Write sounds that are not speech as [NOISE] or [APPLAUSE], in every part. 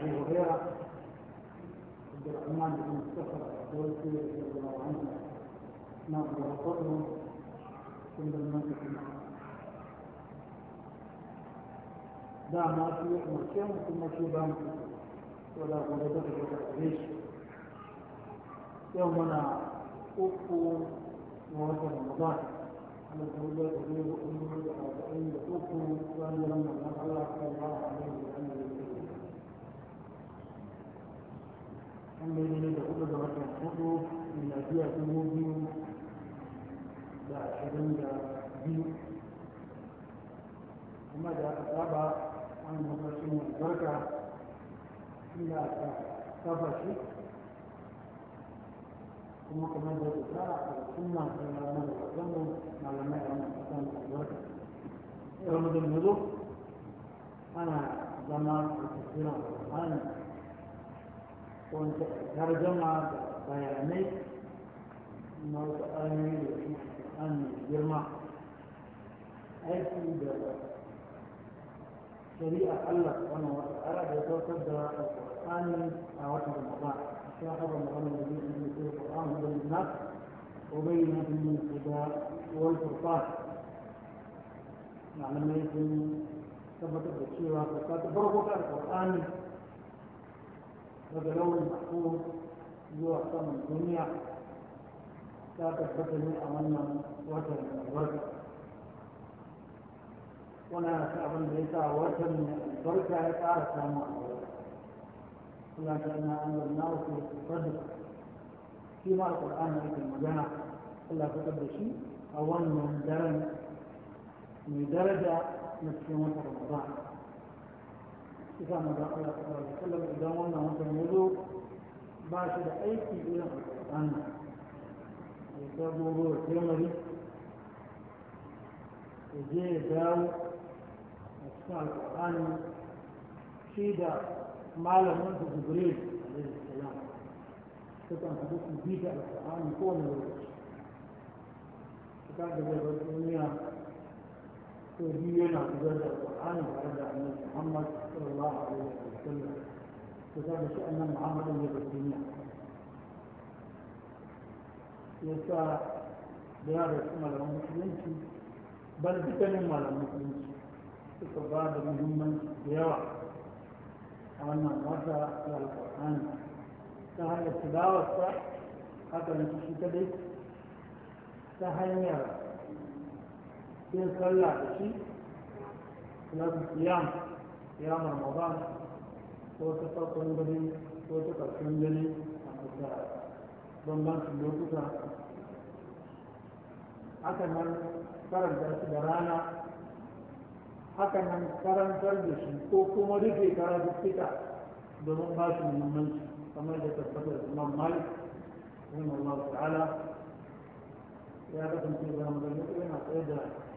أبي هريرة عبد الرحمن بن الصخر الدوسي رضي الله عنه نظر وقته ثم المنطق معه دعنا في مكان ثم في بنك ولا غلبة ولا عيش يومنا أكو ووجه رمضان أنا أقول لك أقول لك أقول لك أقول لك أقول لك أقول لك أقول لك wanda ne da kuka ga watan hudu lafiya dubu biyu da ashirin da biyu kuma da aka saba an lokacin albarka inda aka saba shi kuma kamar da ta a sunna ta ranar da malamai a wannan kasan albarka yau ana zama a tafiyar albarka tarjama bayanai na wasu ainihi da su an girma aiki da shari'a Allah wannan wata ara da ya saukar da alƙur'ani a watan Ramadan shi ya haɗa Ramadan da zai yi da Qur'an da nas وبين الهدى والفرقان معلمين ثبت الشيء وفرقات بركة القرآن daga launin mahfuz zuwa saman duniya ta tabbata ne a wannan watan albarka wannan a abin da ya sa watan albarka ya ƙara samun albarka Allah da ina an zanna wasu fadu shi ma alƙur'ani ake magana Allah ta tabbata shi a wannan daren mai daraja na cikin watan Ramadan إذا ما دخل صلى الله عليه وسلم إذا وانا وانت الوضوء باشد أي شيء إلى أن يصاب الوضوء الترمذي وجاء داو أثناء القرآن شيدا ما لم ينفذ جبريل عليه السلام كتب حديث بيجا القرآن يكون الوضوء كتاب الدنيا ودي ينا القرآن وعرض عن محمد صلى الله عليه وسلم وكان شأن محمد يد الدنيا يسا بيار اسمه المسلمين بل بكلم على المسلمين منهم من بيوع أن مرة على القرآن فهل التلاوة حتى نتشتبك فهل يرى yin sallah da shi na siyam ya marmaba ko ta farkon gani ko ta ƙarshen gani a kusa bambancin lokuta haka nan karanta shi da rana haka nan karantar da shi ko kuma rufe karatuttuka domin ba shi muhimmanci kamar da tabbatar imam malik rahimahullahu ta'ala ya kasance da hamdan yana tsaye da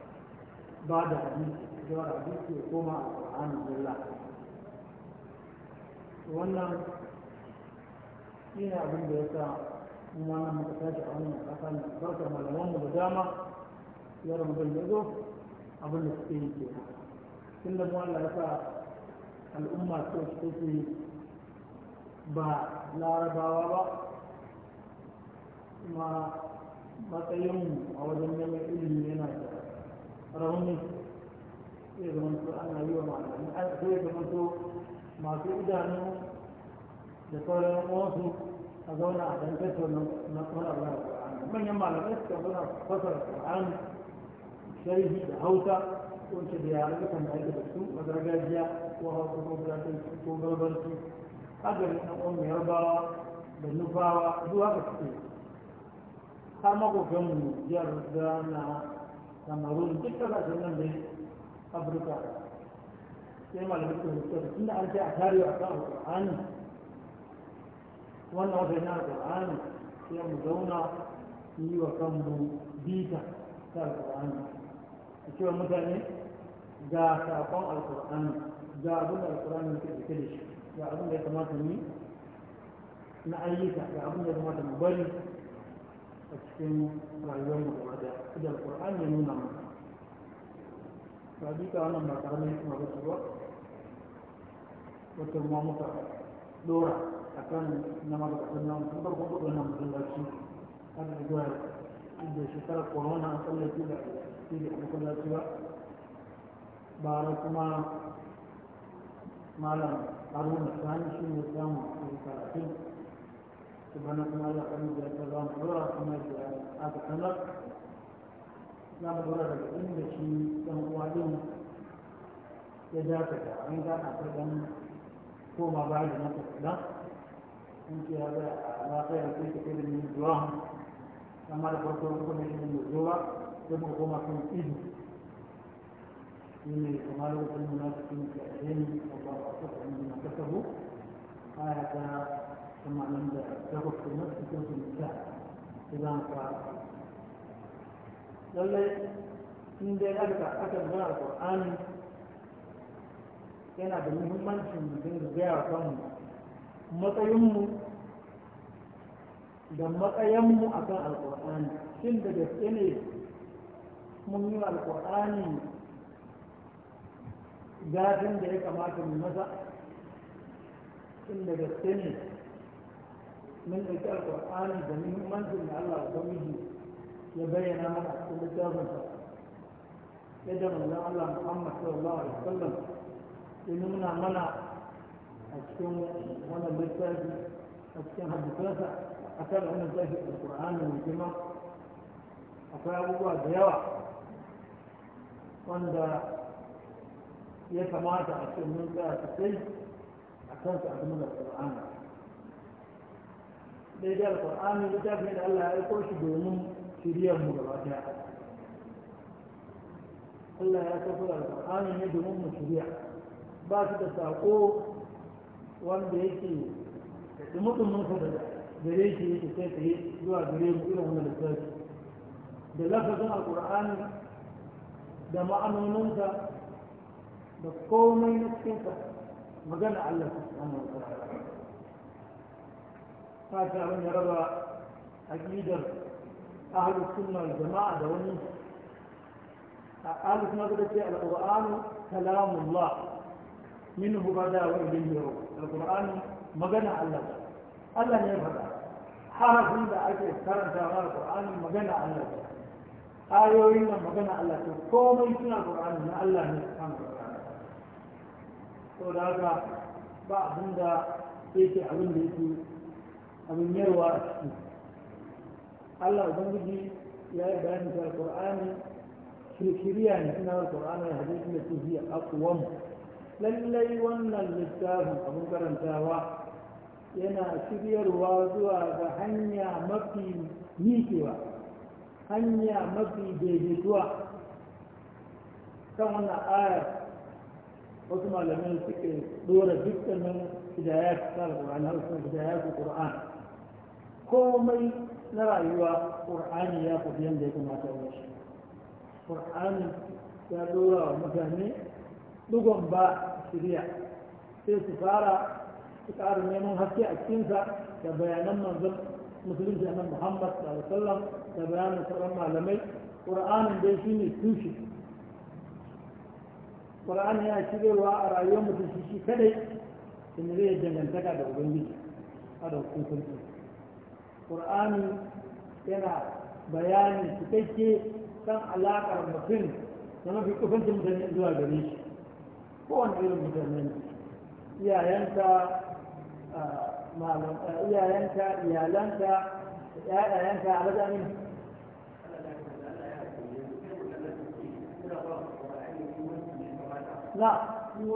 ba da hadisi jawar hadisi ya koma a ƙwa'anin jirla wannan shi ne abin da ya sa in wannan muka tashi a wannan ƙasa ne barkar malamanmu da dama ya ramadan ya zo abin da suke yi ke tun da Allah ya sa al'umma ta take ba larabawa ba kuma matsayinmu a wajen neman ilimi yana da rauni zai zama to ana yi wa malamai zai zama to masu idanu da sauran wasu a zauna a dan tattauna na kwanar da manyan malamai suka zauna fasar Qur'ani sharhi da Hausa ko da yaran da ake da su a gargajiya ko Hausa ko Fulatanci ko Barbarci haka ne ɗan Yarbawa da Nufawa zuwa haka suke har makokan mu kamarun duk kasashen nan dai afirka sai malamin su hukuta tun da an ce a kare a kan alƙur'ani wannan wata yana alƙur'ani sai mu zauna mu yi wa kanmu bita ta alƙur'ani a cewa mutane ga saƙon alƙur'ani ga abin da alƙur'ani ke ɗauke da shi ga abin da ya kamata ni na ayyuka ga abin da ya kamata mu bari a cikin rayuwar mu gaba da da alƙur'ani ya nuna mu ba duka wannan ba karamin hikima ba ba wata ma muka dora a kan na magabatan namu tun farkon kudu wannan masallaci har da zuwa da shekarar corona an tsallake da ke da masallaci ba bara kuma malam haruna sani shi ne samun karatun سبحانك اللهم وبحمدك اشهد ان لا اله الا انت استغفرك na lura da inda shi ɗan uwa ɗin ya dakata an gana ta ɗan koma ba da na tafiya in ce ya zai a lafiyar sai ta irin yin zuwa amma da farko kuma da irin yin zuwa sai muka koma kan ido shi da ya yi ba lallai in dai aka aka zara Qur'ani yana da muhimmancin mu dinga gaya kanmu matsayinmu da matsayinmu a kan alƙur'ani shin da gaske mun yi alƙur'ani gafin da ya kamata mu maza shin da gaske من ɗauki alƙur'ani da muhimmancin da Allah ubangiji ya bayyana mana a cikin littafinsa yadda manzon Allah Muhammad sallallahu alaihi wasallam ya nuna mana a cikin wannan littafi a cikin hadisansa a kan wannan littafi alƙur'ani mai girma akwai abubuwa da yawa wanda ya kamata a cikin mun tsaya sosai a kansu a game da ɗaya da alƙur'ani littafin da Allah ya aiko shi domin shiriyar mu gaba ɗaya Allah ya kafa alƙur'ani ne domin mu shirya ba shi da saƙo wanda yake da mutumin sa da gare shi yake kai tsaye zuwa gare mu irin wannan littafi da lafazin alƙur'ani da ma'anoninsa da komai na cikinsa magana Allah subhanahu wa ta'ala abin ya raba aƙidar ahalus suna jama'a da wani ahalus suna da ce alƙur'anu kalamullah minhu da wani ilayhi yau alƙur'anu magana Allah Allah ne faɗa harafin da ake wa alƙur'ani magana Allah ayoyin nan magana Allah ce komai suna alƙur'ani na Allah ne kan alƙur'ani da haka ba abin da yake abin da yake abin a ciki Allah ubangiji ya yi bayani da alqur'ani shirkiriya ne ina alqur'ani da hadisi da su hiya aqwam lallai wannan littafin abin karantawa yana shiryarwa zuwa ga hanya mafi miƙewa hanya mafi daidaituwa kan wannan ayar wasu malamai suke dora dukkanin hidayat ta alƙur'an har sun hidayat alƙur'an komai na rayuwa ƙur'ani ya fi yadda ya kamata a wasu ƙur'ani ya dora wa mutane dugon ba shirya sai su fara su ƙara neman haske a cikinsa da bayanan manzon musulunci nan muhammad sallallahu da bayanan sauran malamai ƙur'anin dai shi ne tushe ƙur'ani ya shirewa a rayuwar mutum shi kadai in zai dangantaka da ubangiji a da hukuncin ƙur'ani yana bayani cikakke kan alaƙar mutum da mafi kusancin mutane zuwa gare shi kowane irin mutane iyayenta iyayenka iyayenka iyalanka ‘ya'yayenka a rajanin na yi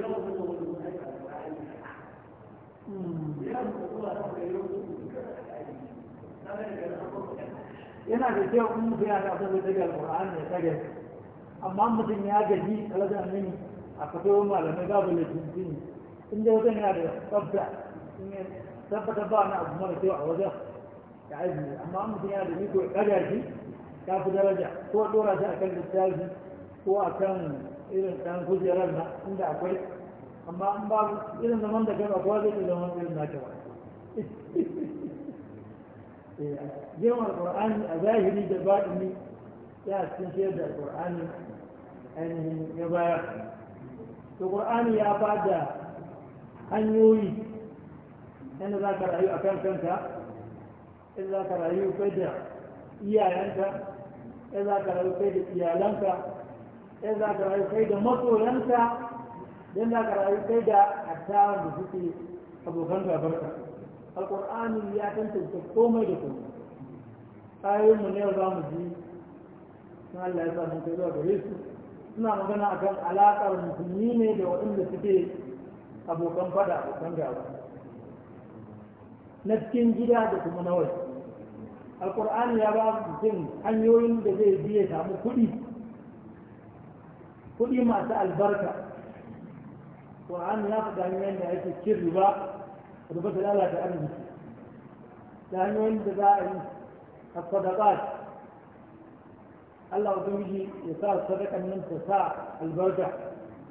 wasu yana da kyau in mutum ya ga abin da daga alƙur'ani ya tsare amma mutum ya gaji kalajan nan, a kafin malamai babu da jini in da wajen yana da tsabta tabbatar ba na abu mara kyau a wajen ya ajiye amma mutum yana da ko ya shi ta fi daraja ko ɗora shi a kan littafi ko a kan irin ɗan kujerar na inda akwai amma an ba irin zaman da gaba kowa zai zama irin na ba [LAUGHS] eh, yawan alƙur'ani a zahiri da baɗini ya cikin shayar da alƙur'ani ainihin ya baya to ƙur'ani ya ba da hanyoyi yadda za ka rayu a kan kanka yadda za ka rayu kai da iyayenka yadda za ka rayu kai da iyalanka yadda za ka rayu kai da masoyanka dan da rayu sai da addawan da suke abokan gabarka alƙur'ani ya tantance komai da komai kayan mu ne za mu ji na Allah ya sa mun kai zuwa gare suna magana akan alaƙar musulmi ne da waɗanda suke abokan fada abokan gaba na cikin gida da kuma na waje alƙur'ani ya ba su cin hanyoyin da zai biya samu kuɗi kuɗi masu albarka ƙur'ani ya faɗa hanyoyin da ake cin riba riba ta lalata arziki da hanyoyin da za a yi a sadaqat Allah miji ya sa sadakan nan ta sa albarka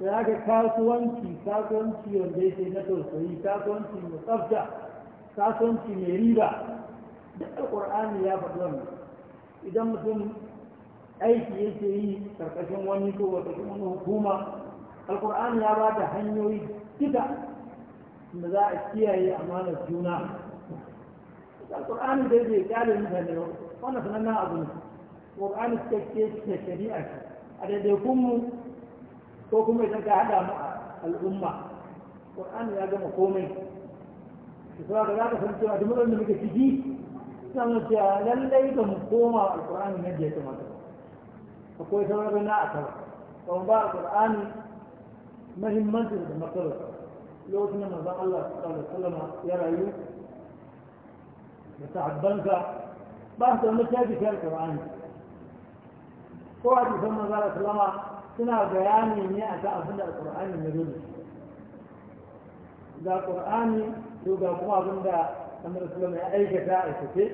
sai kasuwanci kasuwanci wanda yake na tausayi kasuwanci mai tsafta kasuwanci mai riba duk ya faɗi wannan idan mutum aiki yake yi karkashin wani ko wata hukuma alkur'ani ya ba da hanyoyi duka da za a kiyaye amana juna alkur'ani dai bai kyale mutane ba wannan sanannen abu ne alkur'ani cikakke cike shari'a ce a daidaikunmu ko kuma idan ka haɗa mu al'umma alkur'ani ya gama komai su ga ka san cewa duk da muke ciki sanar cewa lallai da mu koma alkur'ani ne da ya kamata akwai sauran na a kawai ba alkur'ani mahimmancin da matsalar lokacin da manzon Allah sallallahu ya rayu da sahabbansa ba su da littafi shi alqur'ani ko a jikin manzon sallama suna bayani ne a kan abin da alqur'ani ya zo ga qur'ani to ga kuma abin da annabi sallama ya aikata a aikace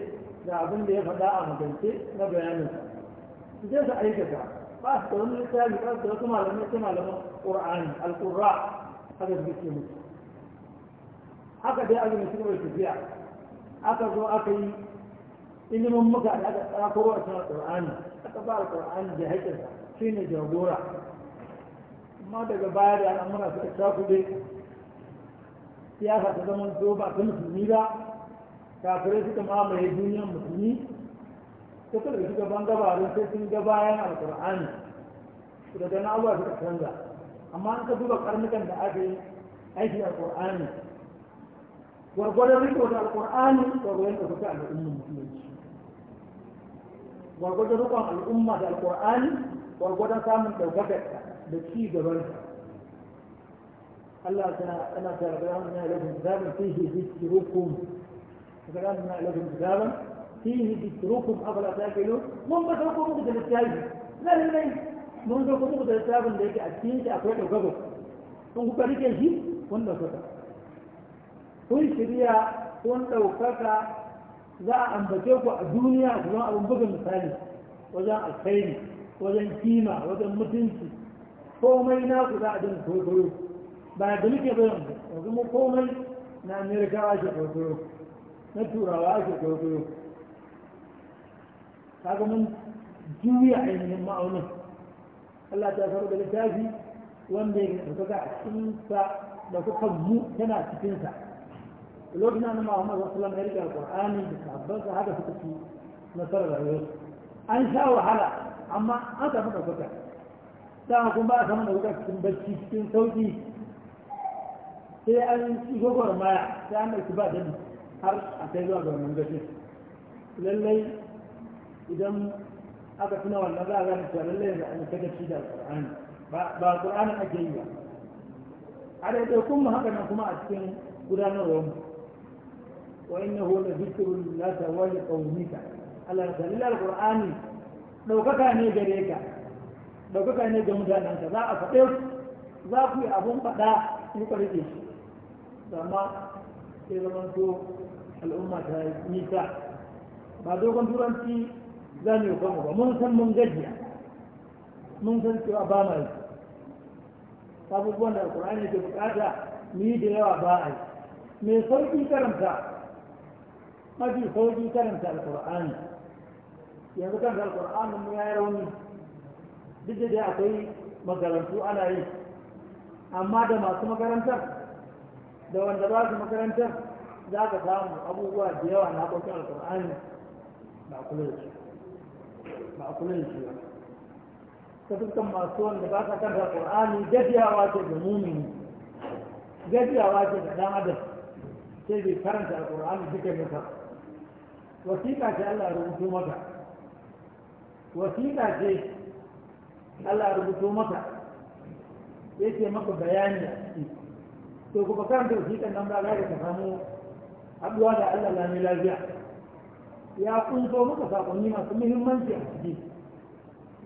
da abin da ya faɗa a magance na bayanin su je su aikata ba su da wani littafi ba su kuma wasu malamai su malamai qur'ani al-qurra haka haka dai azumin cikin tafiya aka zo aka yi ilimin muka da aka tsakuro a cikin qur'ani aka ba al-qur'ani da haƙƙinsa shine jagora amma daga baya da al'amura suka cakuɗe siyasa ta zama to ba ta musulmi ba kafirai suka mamaye duniyar musulmi suka da shugaban gabarin sai sun ga bayan alkur'ani daga na abuwa suka canza amma an ka duba karnukan da aka yi aiki a ƙur'ani gwargwadon riko da alƙur'ani gwargwadon da kuka al'ummar musulunci gwargwadon rikon al'umma da alƙur'ani gwargwadon samun ɗaukakar da ci gaban Allah ta ana tarbiyyar na ilahun zaben fihi zikirukum kaga na ilahun zaben fihi zikirukum abala ta kilo mun ba sauko muku da littafi zai ne mun zo ku da littafin da yake a cikin shi akwai ɗaukaka kun kuka rike shi kun ɗaukaka kun shirya kun ɗaukaka za a ambace ku a duniya a cikin abin bugun misali wajen alkhairi wajen kima wajen mutunci komai na ku za a jin kokoro ba da muke bayan yanzu mu komai na amerikawa shi kokoro na turawa shi kokoro kaga mun juya ainihin ma'aunin Allah ta faru da littafi wanda ya ga a cikinsa da kuka mu tana cikinsa lokacin nan Muhammad sallallahu alaihi wasallam ya riga qurani da sa haka suka ci da yau. an sha wahala amma an samu ɗaukaka da kuma ba a da kuka cikin bacci cikin sauki sai an ci gogor maya sai an yi ba dani har a kai zuwa ga wannan gashin lallai idan aka tuna wannan za a gane cewa lallai da an kada shi da alqur'ani ba ba alqur'ani ake yi ba a da dai mu haka nan kuma a cikin gudanarwar mu wa innahu la dhikrun laka wa li qawmika Allah da lallai alqur'ani daukaka ne gare ka daukaka ne ga mutanen ka za a faɗe za ku yi abun faɗa ku karɓe shi amma sai zamanto al'umma ta yi nisa ba dogon turanci za mu yi kwanu ba mun san mun gajiya mun san cewa ba ma yi abubuwan da alkur'ani ke bukata ni da yawa ba a yi mai sauƙi karanta mafi sauƙi karanta alkur'ani yanzu kan alkur'anin mu ya yi rauni duk da dai akwai makarantu ana yi amma da masu makarantar da wanda ba su makarantar za ka samu abubuwa da yawa na kwakin alkur'ani ba kula da shi ba a kula da shi ba ta dukkan masu wanda ba sa karanta qur'ani gajiyawa ce da mumini gajiyawa ce ga dan adam sai bai karanta alqur'ani duka masa wasiƙa ce Allah ya rubuto mata wasiƙa ce Allah ya rubuto maka yake maka bayani a ciki to kuma karanta wasiƙan nan ba za ka samu haɗuwa da Allah lami lafiya ya kunso muka sakonni masu muhimmanci a ciki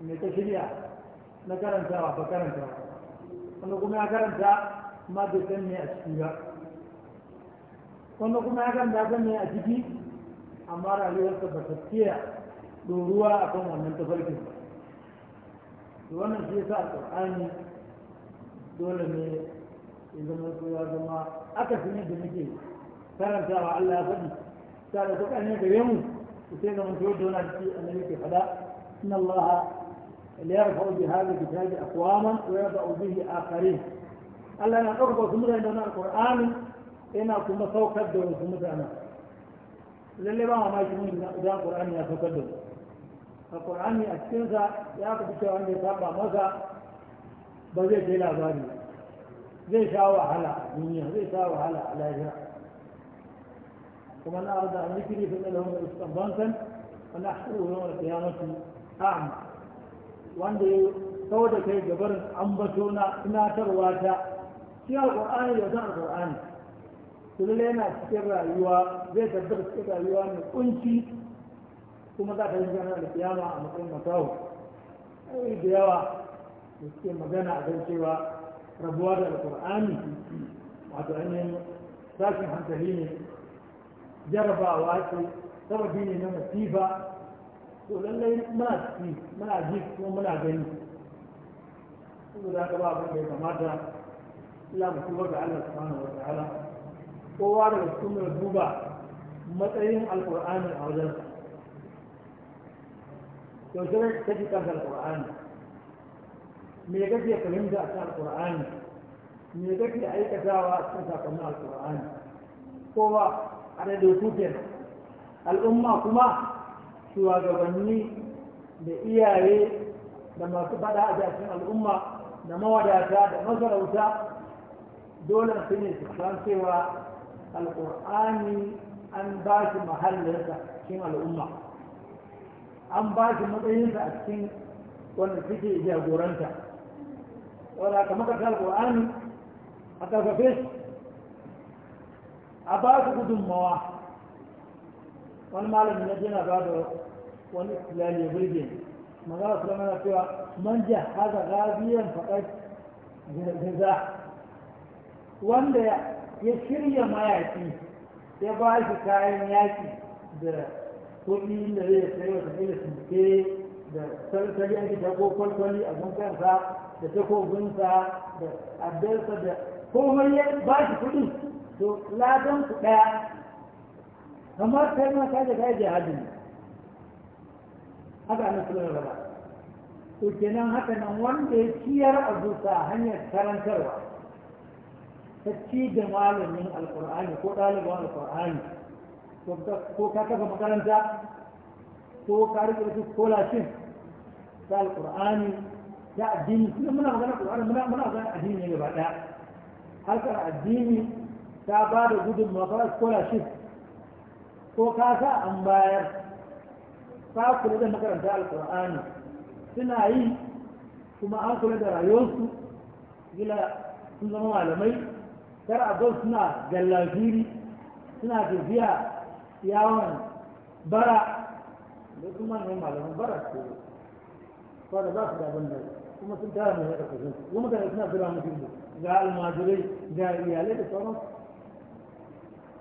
mai ta shirya na karanta wa ba karanta, wanda kuma ya karanta ma bai san ne a ciki ba wanda kuma ya karanta san ne a ciki amma rayuwarsa ba ta tsaya doruwa a kan wannan tafarkin ba to wannan shi yasa alƙur'ani dole ne in zama ya zama aka fi da muke karantawa Allah ya faɗi sa da kuɗa ne gare mu وسيد موجود هنا في الذي في ان الله ليرفع بهذا الكتاب اقواما ويضع به اخرين الا ان اربط سمد عندنا القران ان كنا فوق الدور سمد انا للي ما ما يكون من القران يا فوق الدور القران يا سيدا يا ابو جوان يا بابا مزا بزي جيلا زي شاو على الدنيا زي شاو على الاخره ومن أراد أن يكري فإن له رزقا ضنكا ونحشره يوم القيامة أعمى wanda ya kawo da kai gabarin ambato na tunatarwa ta shi alƙur'ani da zan alƙur'ani su lalle yana cikin rayuwa zai tabbata cikin rayuwa mai ƙunci kuma za ta yi gana da kiyama a matsayin makawo ai da yawa da suke magana a kan cewa rabuwa da alƙur'ani wato ainihin tashin hankali ne jarabawa ce sababi ne na masifa to lallai muna ci muna ji kuma muna gani za ka ba abin da ya kamata ila mu tuba ga Allah subhanahu wa ta'ala kowa daga cikin mai duba matsayin alqur'ani a wajen yaushe ne kake kanta alqur'ani me kake fahimta a kan alqur'ani me kake aikatawa a cikin sakamakon alqur'ani kowa a da al'umma kuma shugabanni da iyaye da masu fada a jashin al'umma da mawadata da masarauta dole su ne su san cewa alƙur'ani an ba shi mahallinsa cikin al'umma an ba shi matsayinsa a cikin wanda suke jagoranta wadda kamar ka alƙur'ani a ƙarfafe a ba su gudunmawa wani malamin na jina ba da wani istilali ya burge magana su lamana cewa manja ji haza gaziyan faɗar gaza wanda ya shirya mayaƙi ya ba shi kayan yaki da kuɗi da zai sayo ta ƙila da sarsari yanki ta ko kwalkwali a gunkansa da takobinsa da abdarsa da komai ya ba shi kuɗin to ladan ku daya kamar kai ma kaje ga kai jihadi ne haka ana kula da ba to kenan haka nan wanda ya ciyar a zuta hanyar karantarwa ta ci da malamin alkur'ani ko ɗaliban alkur'ani ko ka kafa makaranta ko ka rike su kolashin ta alkur'ani ta addini kuma muna magana alkur'ani muna magana addini ne gaba ɗaya harkar addini ta ba da gudun ta scholarship ko ka sa an bayar ta kula da makaranta alkur'ani suna yi kuma an kula da rayuwarsu gila sun zama malamai kar a suna gallaziri suna tafiya yawon bara da kuma ne malaman bara su ko da za su da abin da kuma sun tara mai da kashin kuma mutane suna zira mutum ga almajirai ga iyalai da sauransu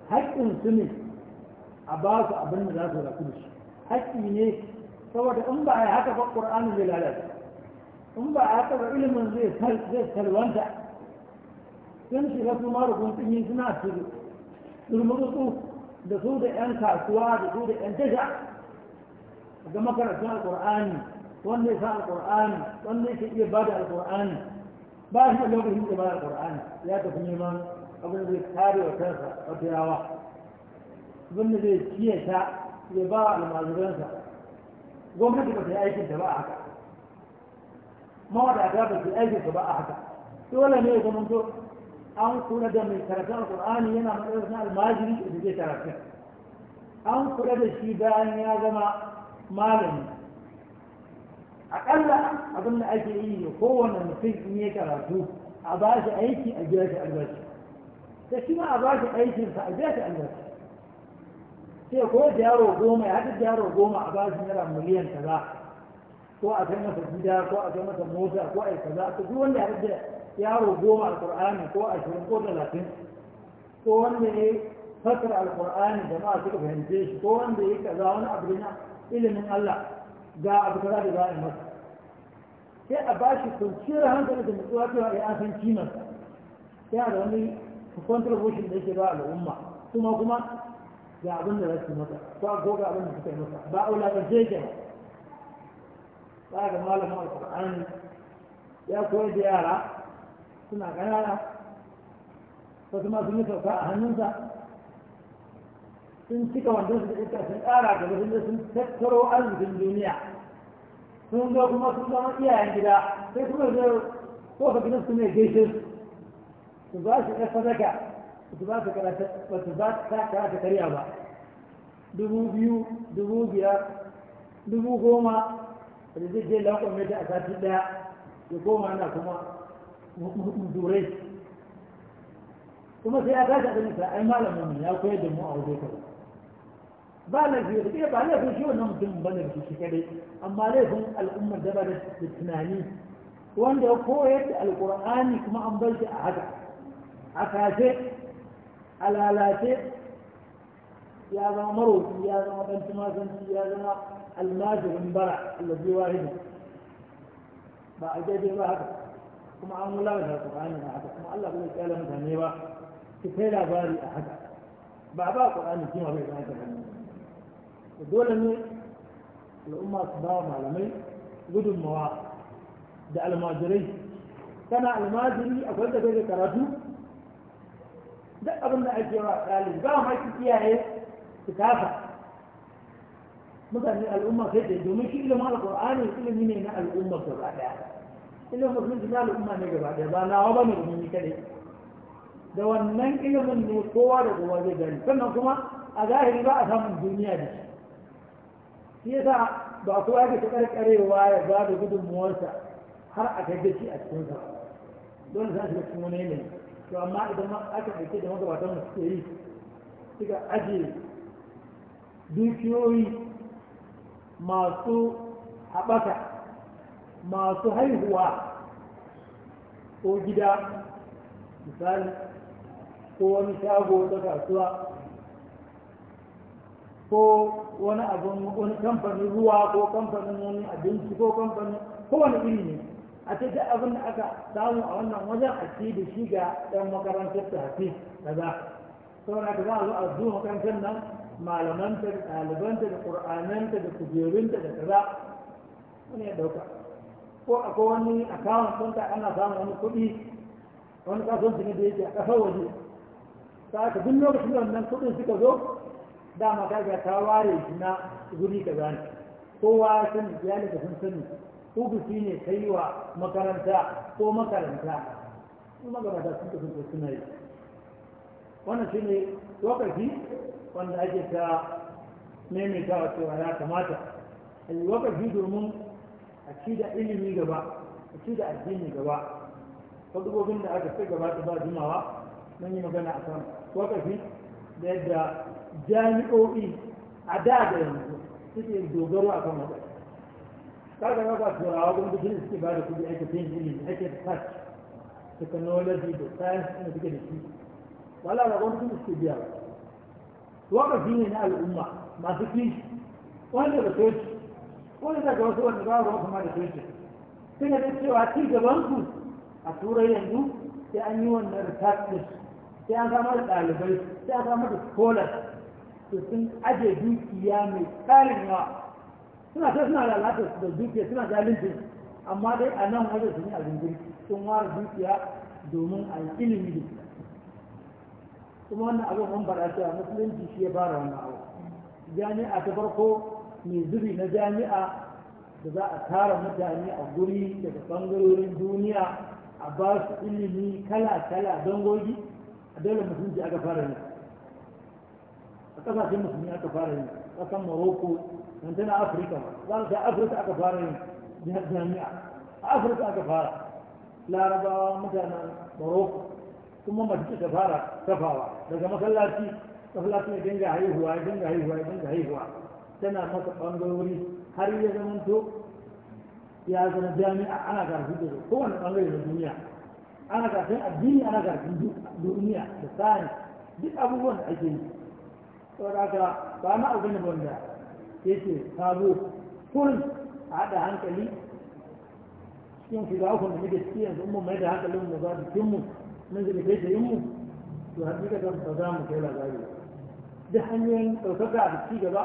haƙƙin su ne a ba su abin da za su raku da shi haƙƙi ne saboda in ba a yi haka ba ƙur'anin zai lalata in ba a haka ba ilimin zai salwanta sun shiga su ma rukun tsinyi suna turmurutsu da su da 'yan kasuwa da su da 'yan tasha ga makarantar alƙur'ani wanda ya sa alƙur'ani wanda ya ke iya ba da alƙur'ani ba shi da lokacin da ba da alƙur'ani ya tafi neman abin zai kare wa kansa wata yawa abin da zai ciye ta ya ba wa almazuransa gwamnati ba ta yi aikin ta ba a haka mawadata ba ta yi aikin ta ba a haka dole ne ya zamanto an kula da mai karatun alƙur'ani yana matsayin almajiri da zai karatun an kula da shi bayan ya zama malami aƙalla abin da ake yi ne kowane mutum in ya karatu a ba shi aiki a gida shi albashi لكن ما أراجع أي شيء فائدات عندك في كل ديار وقومة هذا ديار وقومة أباز من المليان كذا كو أتنا فجدا كو أتنا فموسى كو أي كذا تقول لي هذا ديار وقومة القرآن كو أتنا فجدا لكن كو أن لي فكر القرآن جماعة تقف هنجيش كو أن لي كذا وانا أبرنا إلا من الله جاء أبقرا بغاء المصر كي أباشي كنت شيرا هنجل دمتواتي وإي آخر كيمة كي أرمي contribution da yake ba al'umma kuma kuma ga abin da za su masa ba ko ga abin da suka yi mata ba a wulaƙance jeje ba ba ga malamin alƙur'ani ya koyar da yara suna ƙanana ko kuma sun yi sauka a hannunsa sun cika wanda su da iska sun ƙara wasu da sun tattaro arzikin duniya sun zo kuma sun zama iyayen gida sai kuma zai ko ka gidan su ne gaishe su su ba su ɗan sadaka su ba su karata karya ba dubu biyu dubu biyar dubu goma da zai je lankon mai a sati ɗaya da goma na kuma durai kuma sai ya kasa da nisa ai malamin ya koyar da mu a wajen kawai ba na fiye da ke ba laifin shi wannan mutum ba na laifi shi kadai amma laifin al'ummar da ba da tunani wanda ya koyar da alkur'ani kuma an bar shi a haka a kashe a lalace ya zama maroki ya zama ɗan tumasanci ya zama almajirin bara allazi wahidi ba a daidai ba haka kuma an wulanta qur'ani a haka kuma Allah bai kyale mutane ba su kai labari a haka ba ba qur'ani kima bai zama haka dole ne al'umma su ba malamai gudunmawa da almajirai kana almajiri akwai da kai karatu ده قبل ما اجي خالد بقى ما يكون فيها ايه كتابه مثلا الامه خدت ومش اللي مع القران يقول لي مين الامه في الرابعه اللي هم في الجنة الأمة نجي بعد هذا لا هذا من من كذي ده ونن كذا من القوار وواجد ذلك فما كم هذا هي بقى ثم الدنيا دي هي ذا بعثوا هذه تكرك أري وواي ذا بيجود موسى هر أكيد شيء أكيد ذا دون ذا شو اسمه نيني to amma idan aka ɗauke da magabatan da suke yi suka ajiye dukiyoyi masu haɓaka masu haihuwa ko gida misali ko wani shago ta kasuwa ko wani abin wani kamfanin ruwa ko kamfanin wani abinci ko kamfanin kowane iri ne a ce duk abin da aka samu a wannan wajen a ci da shi ga ɗan makarantar ta hafi za. saboda ka za a zo a zuwa makarantar nan malamanta da ɗalibanta da ƙur'ananta da kujerunta da za. wani ya ɗauka ko akwai wani akawun ɗinka ana samun wani kuɗi wani kasuwanci ne da yake a ƙasar waje ta haka duk lokacin da wannan kuɗin suka zo dama ta ga ta ware shi na guri kaza ne kowa sun iyalin da sun sani shi ne ka yi wa makaranta ko makaranta makaranta sun da suna yi wannan shi ne lokaci wanda ake ta maimaita a cewa ya kamata a yi lokaci domin a ci da ilimi gaba a ci da addini gaba fadubobin da aka fi gaba ta ba jimawa mun yi magana a kan lokaci da yadda jami'o'i a da da yanzu suke dogaro a kan kaga na ba wajen wani da suke ba da kudi ake sayin ilimi ake research technology da science da suke da shi wala ba gwamnati da suke biya ba wakafi ne na al'umma masu kishi wanda da soci wanda daga wasu wanda ba ruwan kuma da soci suka da cewa ci su a turai yanzu sai an yi wannan research sai an samar da ɗalibai sai an samar da scholars su sun aje dukiya mai tsarin yawa suna ta suna lalata da dukiya suna zalunci amma dai a nan wajen su ne a zungiri sun ware dukiya domin a yi ilimi da kuma wannan abin wani faɗa cewa musulunci shi ya fara wannan abu jami'a ta farko mai zubi na jami'a da za a tara mutane a guri daga bangarorin duniya a ba su ilimi kala-kala dangogi a dole musulunci aka fara yi a ƙasashen musulmi aka fara yi ƙasar morocco don tana afirka za su afirka aka fara yin jami'a a afirka aka fara larabawa mutanen morocco kuma mace ta fara tafawa daga masallaci masallaci ya dinga haihuwa ya dinga haihuwa ya dinga haihuwa tana masa ɓangarori har ya zamanto ya zama jami'a ana karfi da kowane ɓangare na duniya ana karfin addini ana karfin duniya da sani duk abubuwan da ake yi saboda ba ma abin da wanda yake sabo kun a haɗa hankali cikin shiga uku da muke ciki yanzu mun mai da hankalin mu ba jikin mu mun zai kai yin mu to hakikatan ba za mu kai labari duk hanyoyin ɗaukaka a ci gaba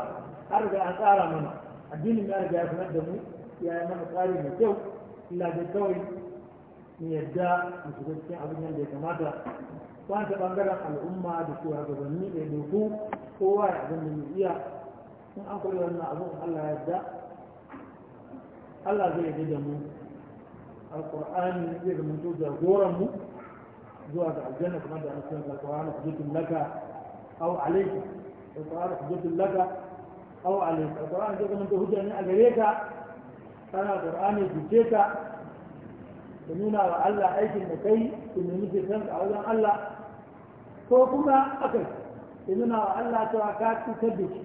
har da an tsara mana addinin ya riga ya sanar da mu ya yi mana tsari mai kyau Ila da kawai mu yadda mu shiga cikin abin da ya kamata wanda bangaren al'umma da shugabanni da doku kowa ya zama mai iya in an kuri wannan abin Allah ya yadda Allah zai yi da mu alƙur'ani zai zama to jagoran mu zuwa ga aljanna kuma da alƙur'ani alƙur'ani hujjatul laka au aw alayka alƙur'ani hujjatul laka aw alayka alƙur'ani zai zama to hujja ne a gare ka kana alƙur'ani hujje ka da nuna wa Allah aikin da kai da nemi ke san a wajen Allah ko kuma aka yi nuna wa Allah cewa ka cutar da shi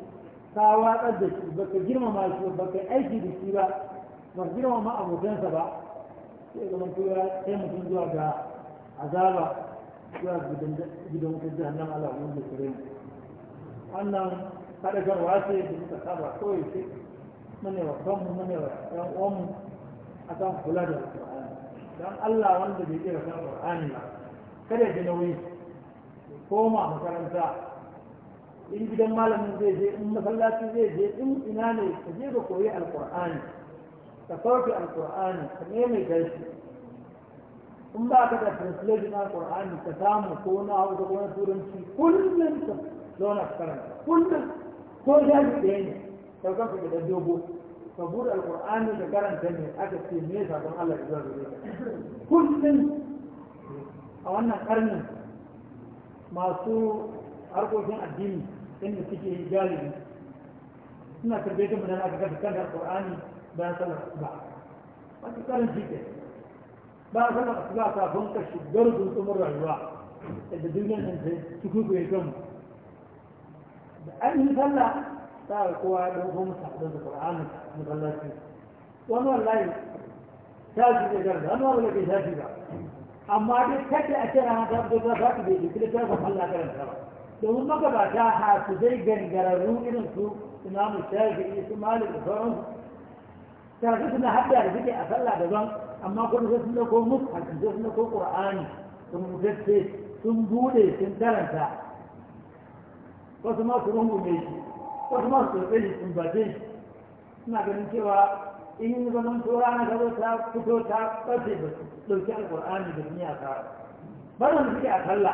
ka watsar da shi baka girmama shi baka aiki da shi ba ba girmama abokansa ba sai zama tura sai mutum zuwa ga azaba zuwa gidan wutar jahannama Allah mun da kure wannan kadagarwa ce da muka saba kawai ce mune wa kanmu mune wa ɗan uwanmu a kan kula da Alƙur'ani don Allah wanda bai kira kan Alƙur'ani ba kada ya ji nauyi koma makaranta in gidan malamin zai je in masallaci zai je in ina ne ka je ka koyi alkur'ani ka sauke alkur'ani ka nemi shi in ba ka da translation alkur'ani ka samu ko na hausa ko na turanci kullum ka zauna ka karanta kullum ko jami'i ɗaya ne ka kanka gidan dogo ka buɗe alkur'ani da karanta ne aka ce me sakon Allah ya zuwa zai kullum a wannan karnin masu harkokin addini inda suke galibi suna karbe ta mutane aka gafi kan alƙur'ani bayan sanar ba wata tsarin jike bayan a asuba kafin ka shigar gunsumar rayuwa da duniyar nan ta tukuku ya gamu da an yi sallah ta ga kowa ya ɗauko musa da alƙur'ani musallaci wani wallahi ta shi zai garza wani wallahi ta shi ba amma duk kada a ce rana ta fito za ta bai jiki ta tarfa Allah karanta ba domin magabata hafizai gangararru irin su imamu shafi'i su malik da ta su suna hadda da suke a sallah daban amma kuma sai sun dauko mushaf sun sun dauko qur'ani sun mutace sun bude sun karanta wasu ma su rungume shi wasu ma su tsotsai sun baje suna ganin cewa in zaman tura na gaba ta fito ta ɓace da su ɗauki alƙur'ani da duniya ta ba da suke a kalla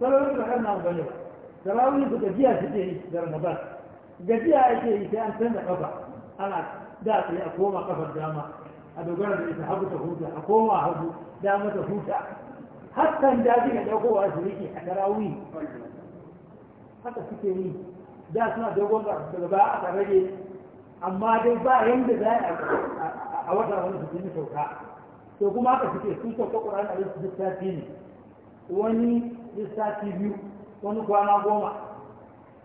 salolin da kan namu bane ba sarawuni su gajiya suke yi da ramadan gajiya ake yi sai an canza ƙafa ana da su a koma ƙafar dama a dogara da ita hagu ta huta a koma hagu dama ta huta hakan da ji ga ɗaukowa su rike a sarawuni haka suke yi da suna dogon da ba a rage amma dai ba yanda za a wata wani su jini sauka to kuma haka suke sun sauka ƙuran a yin lissafi ne wani lissafi biyu wani kwana goma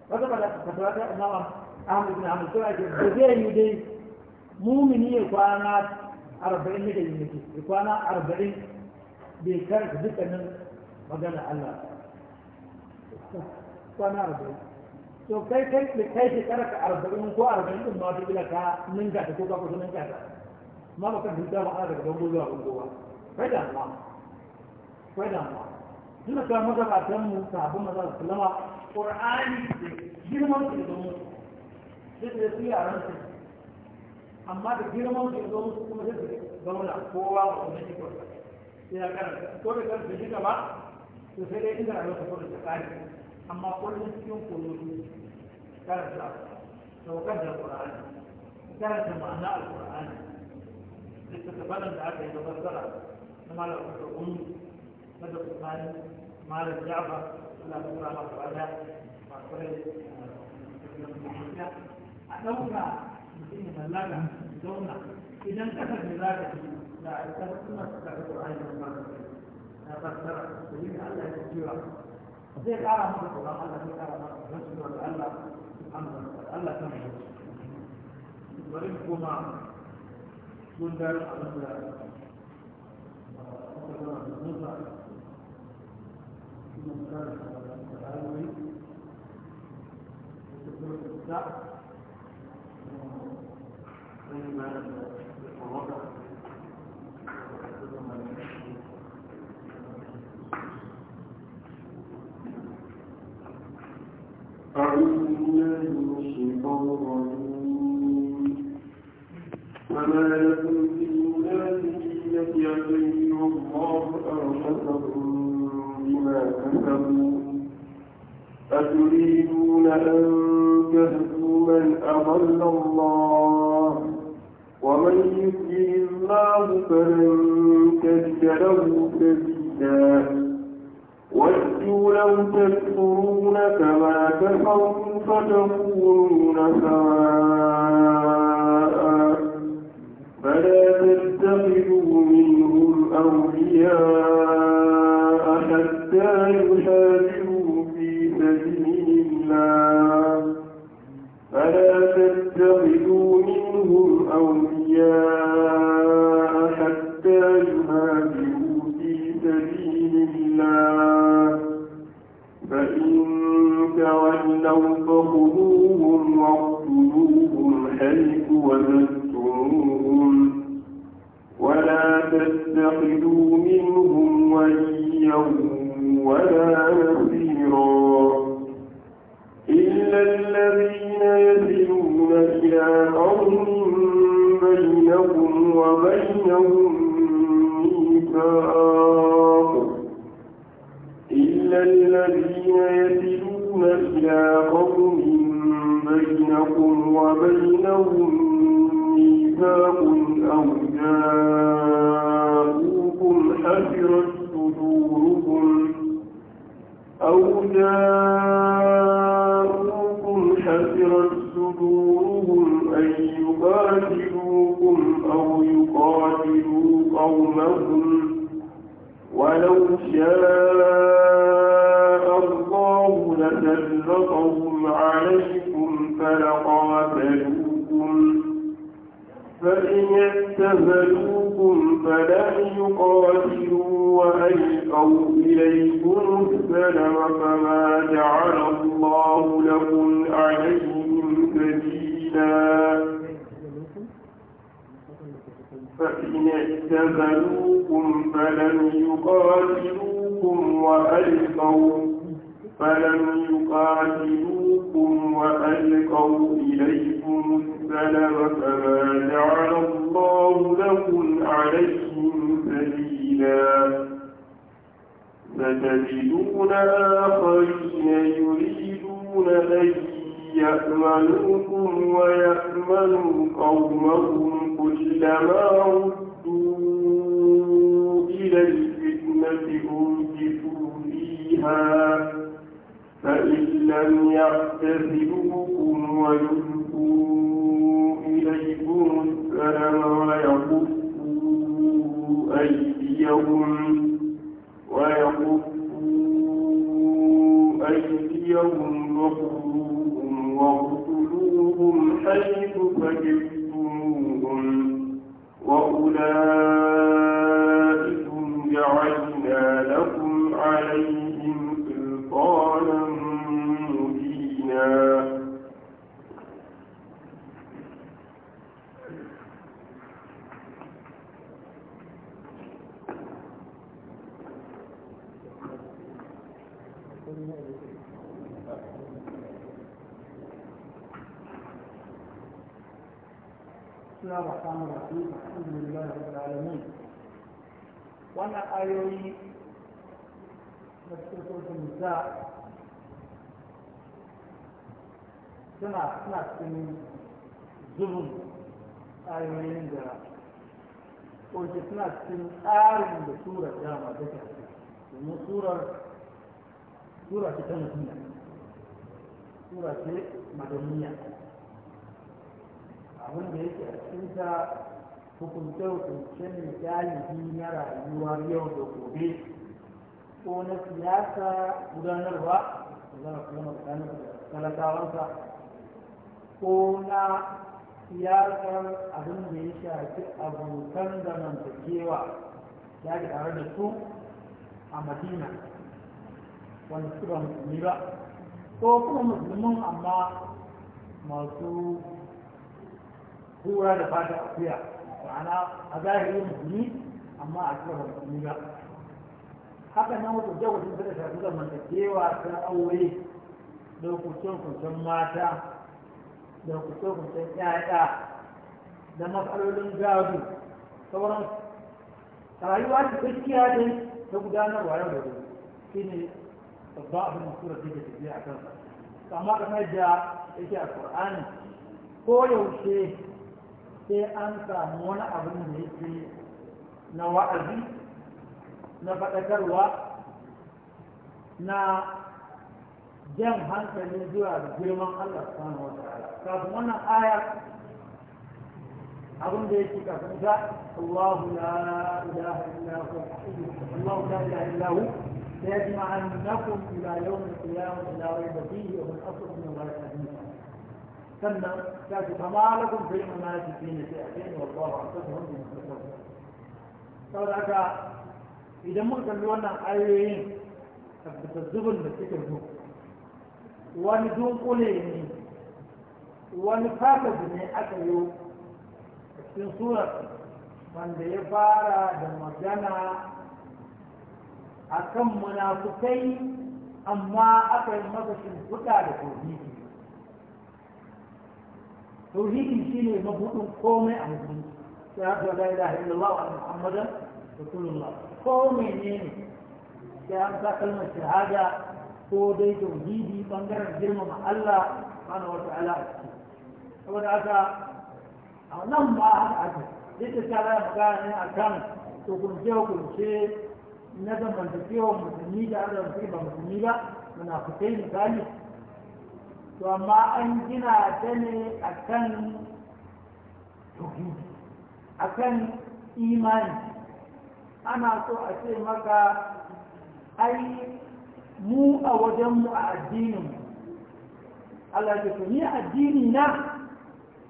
wata ba da fatawa ta imama ahmad bin hamad sai ake da zai yi dai mumini ya kwana arba'in ne da yi mutu ya kwana arba'in bai karanta dukkanin magana allah kwana arba'in to kai kai da kai shekara ka arba'in ko arba'in din ma duk ka ninka ta ko ka kusa ka ta ma ba ka hinta ba ana daga bango zuwa bango ba kai da ma kai da ma ka tun da magabatan mu sahabban maza da kullama qur'ani girman su da mu sai da su yaran su amma da girman su da mu kuma sai su da kowa ba kuma shi ko sai ya karanta ko da karanta shi gaba to sai dai inda rayuwa ta fara tsakani amma kullum cikin kunutu karanta saukar da qur'ani karanta ma'ana al-qur'ani littattafan da aka yi da fassara na malam abdulkun na da kusani malam ja'far Allah ya kura masa bada masu rai a ɗauka mutum ya mallaka zauna idan kasar ne za ka ci da a ƙasar suna suka da ƙur'ani na fassara da yin Allah ya kira زي الأعلى مرة الله الذي أعلى رسول الله ألا تنجز ورزقنا من دار الأمثال وقدر النظر في مكان التعاوي وتكون الساعة وإيمان بالقرابة وقدر من أعوذ بالله من الشيطان الرجيم فما لكم في الله التي يبين الله أرشدكم بما كسبوا أتريدون أن تهدوا من أضل الله ومن يهدي الله فلن تجد له سبيلا ودوا لو تكفرون كما كفروا فتكونون سواء فلا تتخذوا مِنْهُ الْأَوْلِيَاءَ حتى يحبوا فإن اعتزلوكم فلم يقاتلوكم وألقوا فلم يقاتلوكم وألقوا إليكم السلم فما جعل الله لكم عليهم سبيلا ستجدون آخرين يريدون أن يأمنوكم ويأمنوا قومهم كلما ردوا إلى الفتنة أوجفوا فيها فإن لم يعتذبوكم ويلقوا إليكم السلام ويكفوا أيديهم ويكفوا أيديهم وقلوبهم وارسلوهم حيث فجدوا وأولئك جعلنا لكم عليهم سلطانا الله الرحمن الرحيم الحمد لله رب العالمين wannan ayoyi na cikin sosin nisa suna suna cikin zubin ayoyin da ƙoshi suna cikin tsarin da tura dama ta shafi domin turar tura ce ta mutum tura ce madaniya abin da yake a cikin ta hukunce hukuncen galibi na rayuwar yau da gobe ko na siyasa gudanarwa da zama kuma da talakawarsa ko na siyasar abin da ya shafi abokan zamantakewa ya ke tare da su a madina wanda su ba musulmi ba ko kuma musulmin amma masu kura da fata akuya ma'ana a zahiri musulmi amma a cikin musulmi ba haka nan wata jawabin da shafi da zamantakewa ta aure da hukuncen mata da hukuncen ƴaƴa da matsalolin gado sauran rayuwa ta gaskiya ne ta gudanarwa yau da gobe shi ne babban abin da sura take tafiya a kansa amma kamar da yake a ƙur'ani ko yaushe sai an samu wani abin da yake na wa'azi na faɗakarwa na jan hankali zuwa da girman Allah Wani wata ala. kafin wannan aya abin da yake kafin ta Allahu la ilaha illa hu Allahu la ilaha illa hu sayajma'annakum ila yawm al da la da fihi da man asra da ghayril sannan ta ce kama lakum fi ya fi ne sai a ce ne wallahu akbar wanda mutum saboda haka idan muka kalli wannan ayoyin tabbatazzubin da suka zo wani dunkule ne wani fasabi ne aka yi a cikin surar wanda ya fara da magana a kan munafukai amma aka yi masa shimfiɗa da kogi tauhidi shine mafudin komai a musulunci sai aka la ilaha illallah wa muhammadan rasulullah ne ne sai an sa kalmar shahada ko dai tauhidi bangaren girmama Allah wata ala a ta'ala saboda haka a nan ba haka duk da ta raya magana ne a to hukunce hukunce na zamantakewa musulmi da arzikin ba musulmi ba munafukai misali to amma an gina ta ne a kan a kan imani ana so a ce maka ai mu a wajenmu a addinin Allah ya ni addini na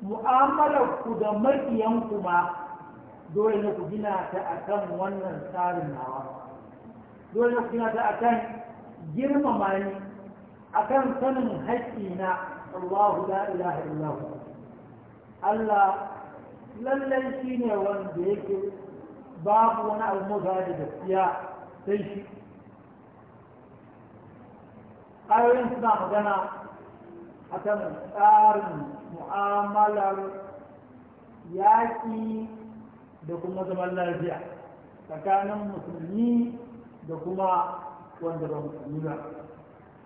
mu'amalar ku da makiyan ma dole ne ku gina ta a kan wannan tsarin nawa dole ne ku gina ta akan girmama ni akan sanin na Allahu la ilaha illahu Allah lallai shi ne wanda yake babu wani na da gaskiya sai shi ayoyin suna magana akan tsarin mu'amalar yaƙi da kuma zaman lafiya tsakanin musulmi da kuma wanda ba musulmi ba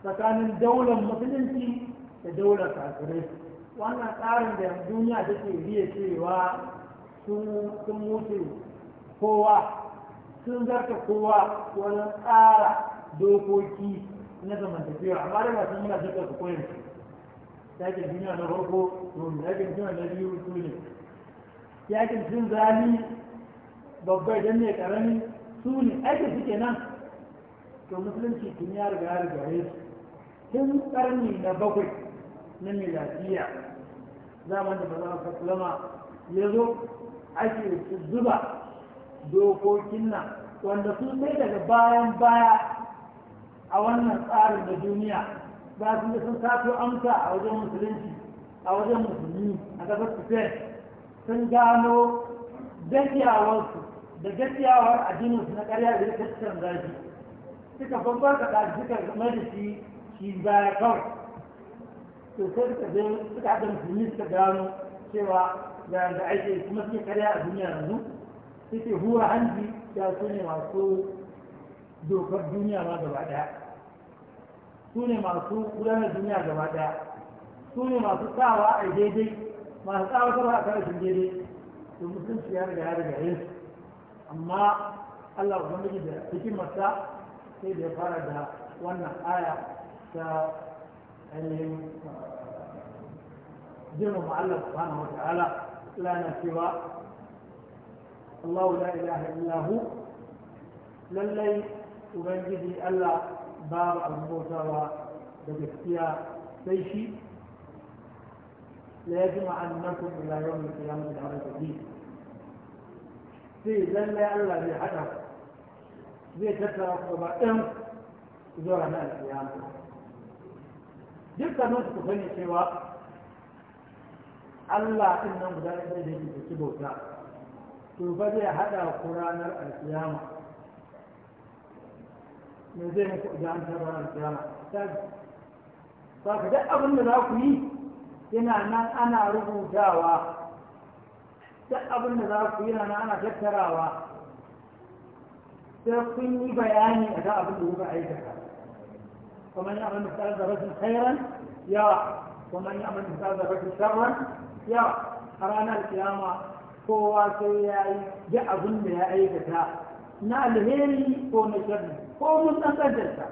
tsakanin daular musulunci da daular kafirai wannan tsarin da duniya take riya cewa sun mutu kowa sun zarta kowa wajen tsara dokoki na zamantakewa amma da masu muna zaka su koyar su yakin duniya na farko rumi yakin duniya na biyu su ne yakin sun zali babba idan ne karami su ne aikin suke nan to musulunci tun ya riga ya riga su tun karni na bakwai na miladiya zaman da bazan fasulama ya zo ake zuba dokokin nan wanda sun sai daga bayan baya a wannan tsarin da duniya ba su da sun sato amsa a wajen musulunci a wajen musulmi a sun gano gajiyawarsu da gajiyawar addininsu na ƙarya da ya tattar zafi suka babbar kaɗa suka mai da shi shi baya kawai to sai ka je suka haɗa musulmi suka gano cewa ga da ake kuma suke karya a duniya yanzu suke hura hanji da su ne masu dokar duniya ma gaba ɗaya su masu gudanar duniya gaba ɗaya su masu sawa a daidai masu tsawatarwa a karashin daidai to musulunci ya riga ya riga yin amma Allah ubangiji da hikimarsa sai da ya fara da wannan aya كأنهم ذنب آه، الله سبحانه وتعالى لا سوى الله لا إله إلا هو للي أبنجدي ألا باب الموتى وبالاختيار سيشي ليجمعنكم إلى يوم القيامة على الدين في للي ألا بحدث زي تترك ام زرنا القيامة dukkanin su ku sani cewa Allah in nan guda ɗaya da yake da bauta to ba zai haɗa ku ranar alkiyama me zai ku da an tarar alkiyama ba ka da abin da za ku yi yana nan ana rubutawa duk abin da za ku yi yana nan ana tattarawa sai kun yi bayani a kan abin da kuka aikata ومن يعمل مثقال ذرة خيرا يرى ومن يعمل مثقال kowa sai ya yi da abin da ya aikata na alheri ko na sharri ko mun san kadarsa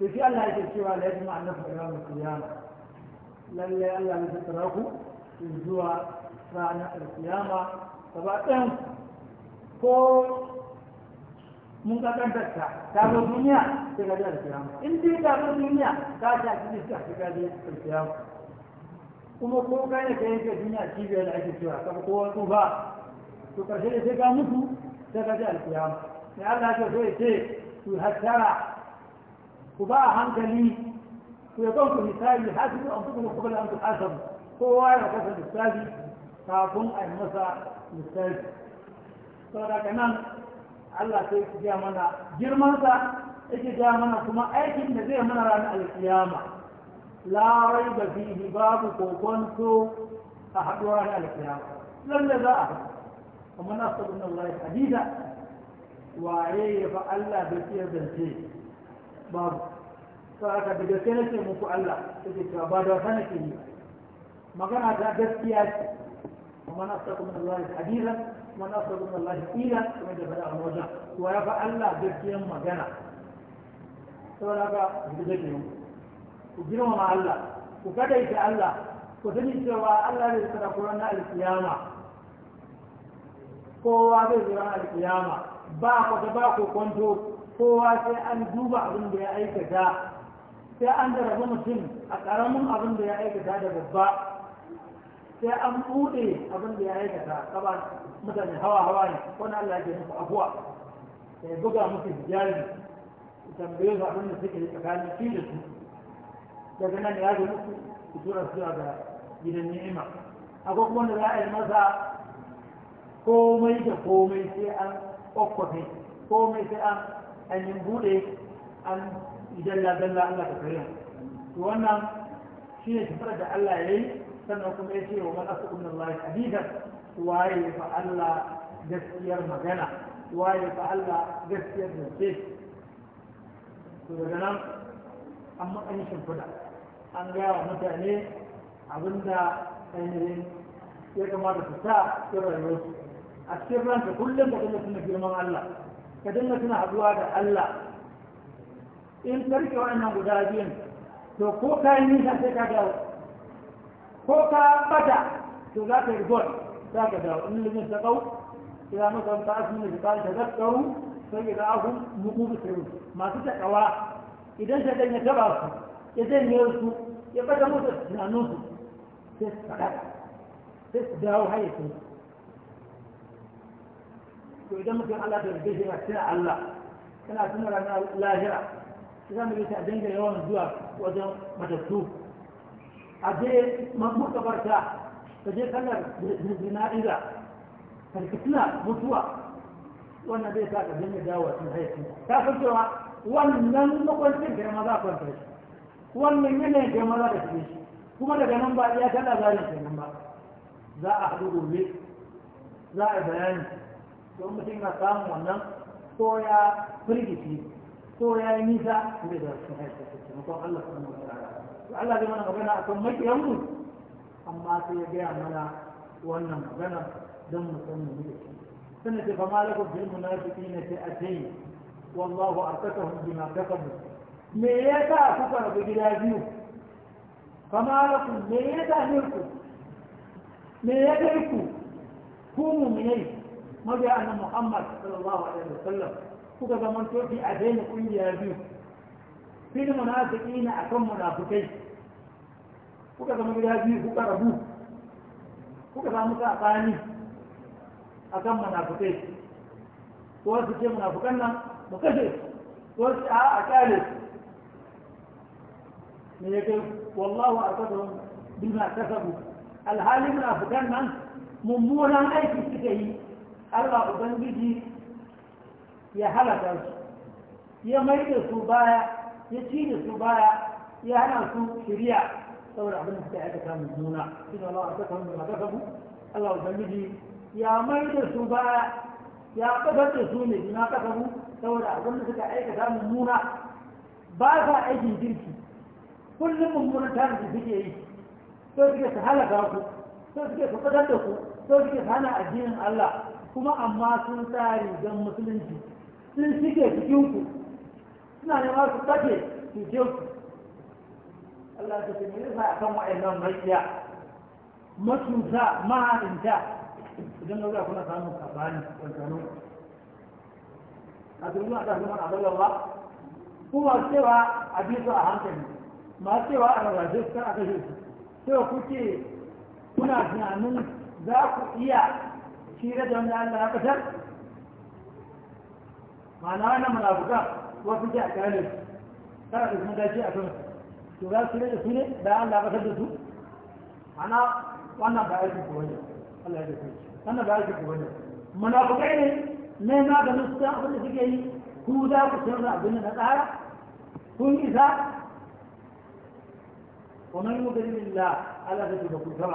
shi Allah yake cewa la yajma annahu ila al-qiyamah lalle Allah ya tsara ku zuwa rana al-qiyamah gaba ɗayan ko mun ka kantarta ta zo duniya sai ka ji alkiyama in dai ta zo duniya ta ta ci ne ta ka ji alkiyama kuma ko kai ne ka yanke duniya cibiyar da ake cewa kafa ko wasu ba to karshe ne sai ka mutu sai ka ji alkiyama ne Allah ya so ya ce ku hattara ku ba hankali ku ya kanku misali hasibu an tukunu qabla an tuhasabu kowa ya kasa misali kafin a yi masa misali saboda kanan Allah sai ya gaya mana girmansa yake gaya mana kuma aikin da zai mana ranar alkiyama larai da fihi babu kokonto a haɗuwa ranar alkiyama lalle za a haɗu kuma na sabon nan lai hadida waye ya fa Allah da ke zance babu saboda da gaske nake muku Allah yake cewa ba da wata nake yi magana ta gaskiya ce ومن أصدق من الله حديثا ومن أصدق من الله قيلا كما جاء على الوجه ويفعل الله بكيا مجانا سوالا لك بجدهم وجنوا مع الله وكذلك الله وتجد سوى الله يتنقلون القيامة kowa zai zira alkiyama ba ku da ba ku kwanto kowa sai an duba abin da ya aikata sai an da rabu mutum a ƙaramin abin da ya aikata da babba sai an buɗe abin da ya aikata kaba mutane hawa hawa ne ko na Allah ke musu afuwa sai buga musu hijabi tambaye su abin da suke tsakanin shi da su daga nan ya ga musu su tura su ga gidan ni'ima akwai kuma da za a yi masa komai da komai sai an kwakwafe komai sai an an yi buɗe an idan la dalla Allah ka kare to wannan shine ne shifar da Allah ya yi sannan kuma ya ce wa man asu kunna Allah hadidan waye fa Allah gaskiyar magana waye fa Allah gaskiyar zance to daga nan an matsayin shimfiɗa an gaya wa mutane abinda ainihin ya kamata su sa cikin rayuwarsu a cikin ranka kullum ka dinga tuna girman Allah ka dinga tuna haɗuwa da Allah in karke wa'annan guda biyun to ko kayan nisa sai ka ga ko ka bata to za ka yi gol za ka dawo in limin ta kau ila makaranta asibin da ta zakaru sai ya ga ahun mugu bisirin masu kawa idan shaɗan ya taba su ya ne su ya bata musu su sai su faɗa sai su dawo su to idan mutum Allah da rage shi tuna Allah kana tuna ranar lahira sai za mu yi ta dinga yawan zuwa wajen matattu a je makabarta ka je kallar zina'iza karkatuna mutuwa wannan zai sa ka janye dawo sun haifi ta san cewa wannan makwancin da za maza kwanta shi wannan yanayin da ya za da shi kuma daga nan ba ya tana zari zarin nan ba za a haɗu gobe za a bayani don mutum na samun wannan ko ya firgici ko ya yi nisa da zarafin haifi da Allah subhanahu wa ta'ala Allah zai mana magana akan mu. amma sai ya gaya mana wannan magana don mu san mu da shi sannan ce fa malakum bil munafiqina fi'atayn wallahu artakahum bima kasabu me yasa kuka rabu gida biyu fa malakum me yasa ne ku me ya kai ku ku mu'minai mabiya annabi Muhammad sallallahu alaihi wasallam kuka zama tofi a daina kungiya biyu fil munafiqina akan munafikai kuka zama gida biyu kuka rabu kuka samu saɓani akan munafikai ko su ce munafikan nan mu kashe ko su a a kyale me ya kai wallahu a kasarin bima kasabu alhali munafikan nan mummunan aiki suka yi Allah Ubangiji ya halaka su ya mai da su baya ya ci da su baya ya hana su shirya saboda abin da suka aikata mu juna shi da Allah aka kamar da kafu Allah ubangiji ya mai da su baya ya kadar da su ne ina kafu saboda abin da suka aikata mu juna ba sa aikin girki kullum mun ta da suke yi to suke su halaka ku to suke su kadar da ku to suke hana addinin Allah kuma amma sun tsari don musulunci sun shige cikin ku suna nema su take su je su Allah ta ce ne sa akan wa'annan rakiya matuta maharinta idan ga kuna samun kafani kankano a turmi a tafi ba. Ku kuma cewa a bi su a hankali ma cewa a rarraje su kan a kashe su cewa kuke kuna tunanin za ku iya shirya da wanda Allah ya kasar ma'ana wannan munafukan wasu ji a kyale kana da sun dace a kan to za su rage su ne da Allah ba da su ana wannan ba aiki ko wani Allah ya dace wannan ba aiki ko wani munafikai ne ne ma da musta abin da suke yi ku za ku san abin da tsara kun isa ومن يضلل الله على فتنة كفر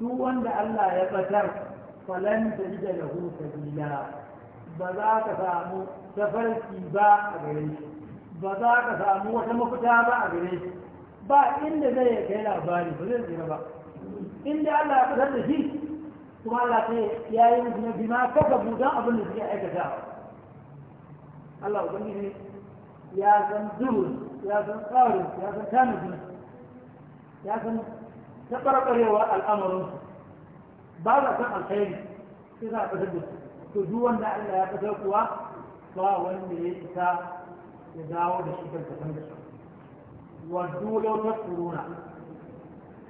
سوى أن الله يبتر فلن تجد له سبيلا ba za ka samu tafarki ba a gare shi ba za ka samu wata mafita ba a gare shi ba inda zai ya kai labari ba zai tsira ba inda Allah ya fitar da shi kuma Allah sai ya yi musu na bima kaka budan abin da suke aikata Allah ubangiji ya san zuhun ya san tsari, ya san tanadi, ya san taɓarɓarewar al'amarin ba za san alkhairi sai za a fitar da su to duk wanda Allah ya kasar kuwa ba wanda ya isa ya dawo da shi karkashin da shi dole ta tasfuruna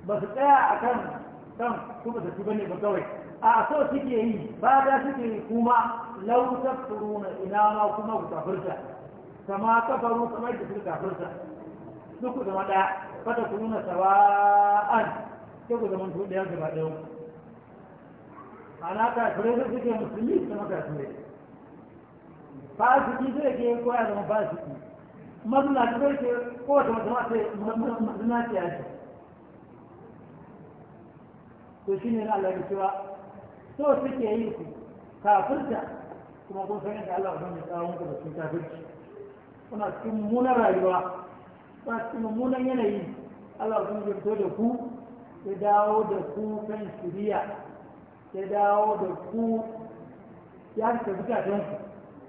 ba su tsaya a kan kan kuma da su bane ba kawai a so suke yi ba da suke yi kuma lau turuna ina ma kuma ku kafirta ta faru kamar da suka kafirta duk da ba ta kununa sawa'an sai ku zama su ɗaya gaba ɗaya ana kafirai da suke musulmi su zama kafirai fasiki zai ke yin koya zama fasiki mazinaci zai ke kowace mazinaci mazinaci ya ce to shi ne na Allah cewa so suke yi su kafirta kuma kun san yadda Allah ya tsawon ku da sun kafirci kuna cikin mummunan rayuwa kuna cikin mummunan yanayi Allah ya fito da ku ya dawo da ku kan shiriya ya dawo da ku ya rika zukatan ku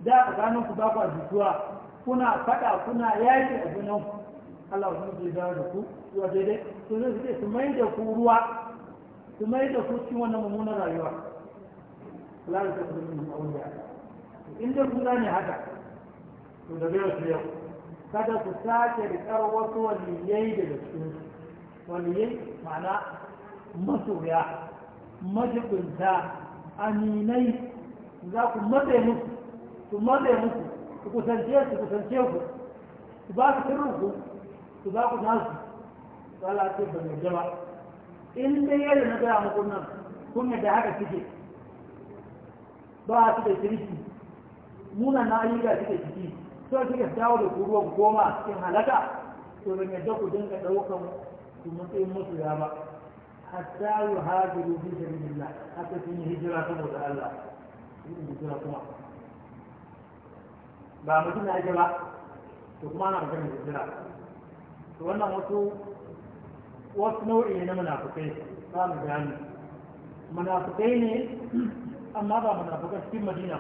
da a gano ku ba ku jituwa kuna fada kuna yaki a junan ku Allah kuma zai dawo da ku zuwa daidai to zai suke su mai da ku ruwa su mai da ku cikin wannan mummunan rayuwa Allah ya tabbata min auliya in da ku gane haka to da bai wasu yau kada ku sake riƙar wasu waliyai daga cikin waliyai ma'ana masoya majibinta aminai za ku matse musu ku matse musu ku kusance su kusance ku ku ba su sirrinku ku za ku nasu za a ce ba mai jama in dai yadda na gaya muku nan kun yadda haka suke ba su da kirki muna na ayyuka suke ciki sai suke dawo da ku ruwan goma cikin halaka to ban yadda ku dinga ɗaukan ku matsayin musu ya ba hatta yi hajjiru bi sabilillah haka sun yi hijira saboda Allah yin hijira kuma ba mutum na ake ba to kuma ana magana hijira to wannan wasu wasu nau'i ne na munafukai za mu gani munafukai ne amma ba munafukai cikin madina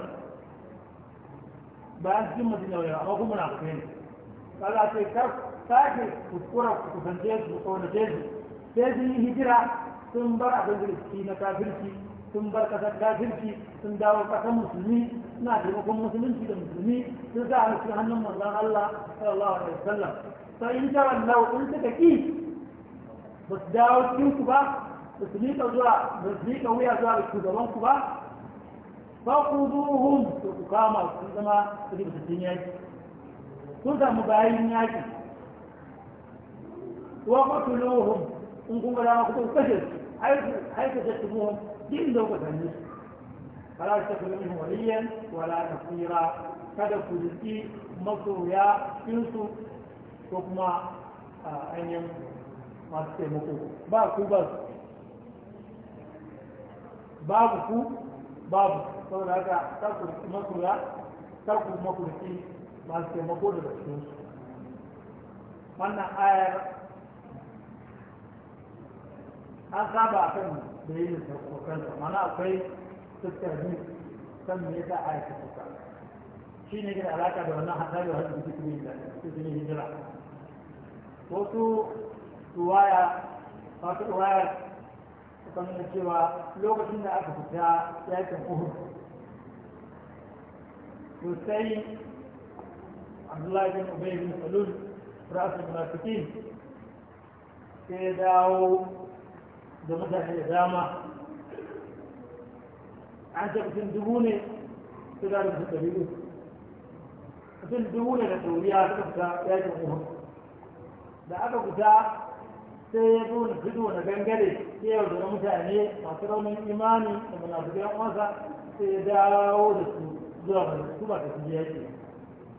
bayan cikin madina ba, amma kuma munafukai ne kaga sai kar sake kuskura kusance su kaunace su sai sun yi hijira sun bar abin girki na kafirci sun bar kasar kafirci sun dawo kasar musulmi suna taimakon musulunci da musulmi sun sa a cikin hannun manzon Allah sallallahu alaihi wasallam sai in ta wallahu in suka ki ba su dawo cikin ku ba ba su miƙa zuwa ba su miƙa wuya zuwa ga shugaban ku ba ba ku zuhun to ku kama su zama su su cikin yaki sun samu bayan yaki wa qatuluhum in kun ga dama kuma kashe su aika da tuhuhun din da kuka sani fala ta kuma min waliyan wala nasira kada ku riki masoya insu ko kuma ainihin masu taimako ba ku ba su babu ku babu saboda haka ta masoya ta ku makurki masu taimako daga cikinsu wannan ayar an saba a kan dalilin farko kansa mana akwai fuskar biyu kan me yasa a yake fuska shi ne ke da alaƙa da wannan hatsari wa hadin cikin da cikin hijira wasu ruwaya wasu ruwaya suka nuna cewa lokacin da aka fita yakin uhud to sai abdullahi bin ubay bin salul rasul munafiqin sai dawo da mutane da dama an ce dubu ne su da su ɗari mutum dubu ne da ɗoriya suka fita yakin uhud da aka fita sai ya zo fito na gangare sai yau da mutane masu raunin imani da munafikai yan uwansa sai ya dawo da su zuwa ga su ba ta kuje yake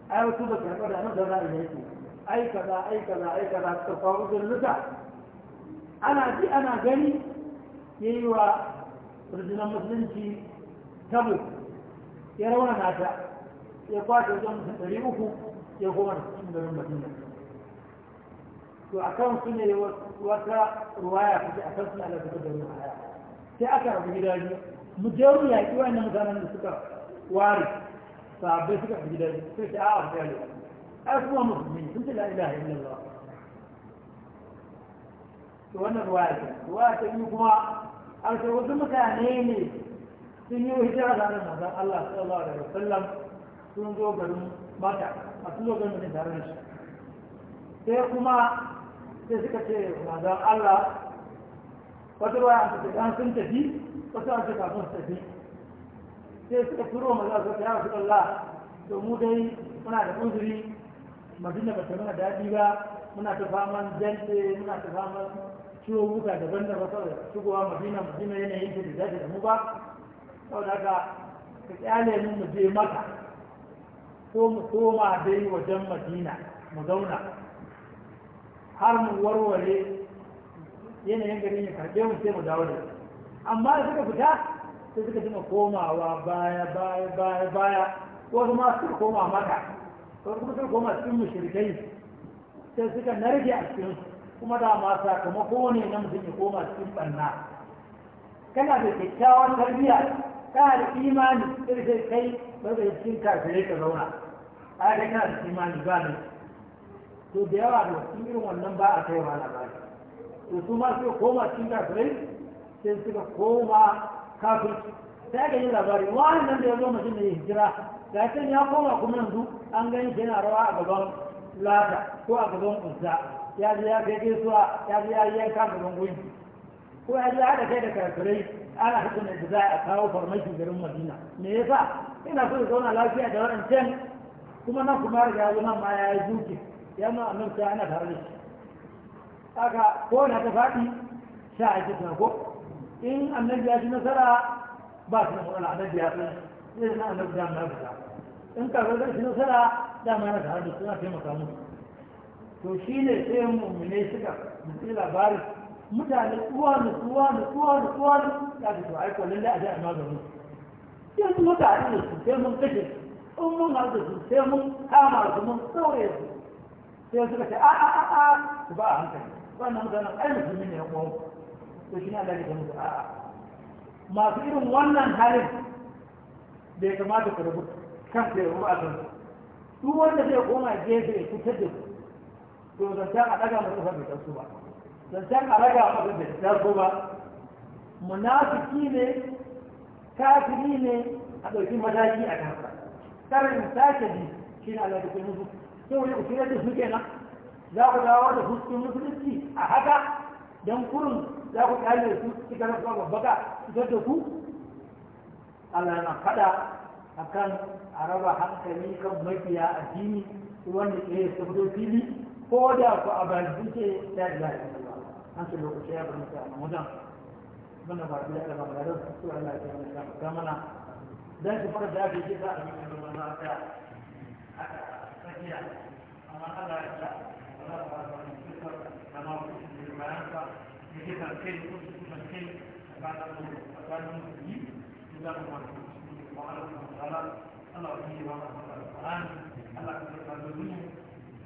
ai wasu ba karɓar da nan da za a yi yake ai kaza ai kaza ai kaza suka kawo uzurnuka ana ji ana gani ya yi wa rundunar musulunci tabo ya rauna nata ya kwace wajen mutum ɗari uku ya goma da cikin garin madina to a kan su ne wata ruwaya kuke a kan su ala suka da ruwaya sai aka rabu gida biyu mu je mu yaƙi wannan mutanen da suka ware sahabbai suka fi gida biyu sai ta a'a fiye da ai kuma musulmi sun ce ya yi lalawa to wannan ruwaya ce ruwaya ta biyu kuma an ce wasu mutane ne sun yi hijira da nan manzon Allah sallallahu alaihi wasallam sun zo garin mata a sun zo garin da tare da shi sai kuma sai suka ce manzon Allah wata ruwaya an ce an sun tafi wata an ce kafin su tafi sai suka turo maza su ta yawa su Allah to mu dai muna da uzuri madina ba ta nuna daɗi ba muna ta faman jante muna ta faman ciwo buga daban da wasu shigowa madina madina yanayin da zai mu ba saboda haka ka kyale mu mu je maka ko mu koma dai wajen madina mu zauna har mu warware yanayin garin ya karɓe mu sai mu dawo da amma da suka fita sai suka jima komawa baya baya baya baya wasu ma suka koma maka wasu kuma suka koma cikin mushrikai sai suka narke a cikinsu kuma da ma sakamako ne nan mutum ke koma cikin banna kana da kyakkyawan tarbiyya kana da imani sai kai ba zai cikin kafirai ka zauna a da kana da imani ba ne to da yawa da cikin irin wannan ba a kai ma labari to su ma suka koma cikin kafirai sai suka koma kafirci sai ga yin labari wani nan da ya zo mutum da ya hijira ga ya koma kuma yanzu an gani shi yana rawa a gaban lata ko a gaban uzza ya ji ya kai gaisuwa ya ji ya yanka da gungun ko ya ji ya haɗa kai da karkurai ana hukun da za a kawo farmaki garin madina me yasa ina so ya zauna lafiya da waɗancan kuma nan kuma riga ga nan ma ya yi duki ya ma annabta ana tare da shi haka ko na ta faɗi sha a cikin ko in annabi ya ji nasara ba su da matsala annabi ya san zai na annabi da na fita in ka zai shi nasara dama yana tare da suna taimaka musu to shi ne sai mummune suka mutu labarin mutane tsuwa da tsuwa da tsuwa da tsuwa da tsuwa da tsuwa aiko lalle a ji a maganin yanzu mutane da su sai mun kashe in mun hau da su sai mun kama su mun sauye su sai suka ce a a a a su ba a hankali wannan mutanen ai musulmi ne ya kuma to shi ne Allah ya musu a a masu irin wannan halin da ya kamata ku rubuta kan sai ruwa a kan duk wanda zai koma gefe ya fitar da su to zancen a ɗaga masa fa bai taso ba zancen a raga masa bai taso ba munafiki ne kafiri ne a ɗauki mataki a kansa tsarin sake ji shi ne Allah ke musu sai wani usulai da su kenan za ku dawo da fuskun musulunci a haka don kurin za ku kyale su suka rasa babbaka fitar da ku Allah yana faɗa akan a raba hankali kan mafiya addini wanda ke sabbin fili ko da ku a bakin ce la ilaha illallah an ce lokaci ya bari ta wajen bana ba da da ba da su Allah ya kama ka mana dan ki fara da ake za a yi da na ta sakiya amma Allah ya ta Allah ba ta ni ko da ma ku da bayan ka ni ke kan kai ku ku kai ba ta a ba ta yi ni da ku ma ku ba Allah Allah ya yi wa Allah Allah ya ta ni